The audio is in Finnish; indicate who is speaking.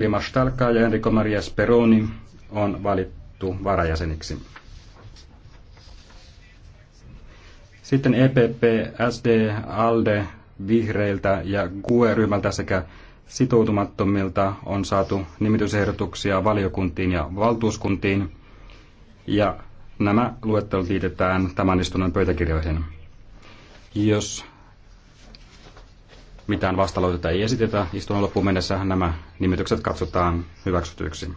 Speaker 1: Dimas Talka ja Enrico Maria Speroni on valittu varajäseniksi. Sitten EPP, SD, ALDE, Vihreiltä ja GUE-ryhmältä sekä sitoutumattomilta on saatu nimitysehdotuksia valiokuntiin ja valtuuskuntiin. Ja nämä luettelut liitetään tämän istunnon pöytäkirjoihin. Jos mitään vastaloitetta ei esitetä. Istunnon loppuun mennessä nämä nimitykset
Speaker 2: katsotaan hyväksytyiksi.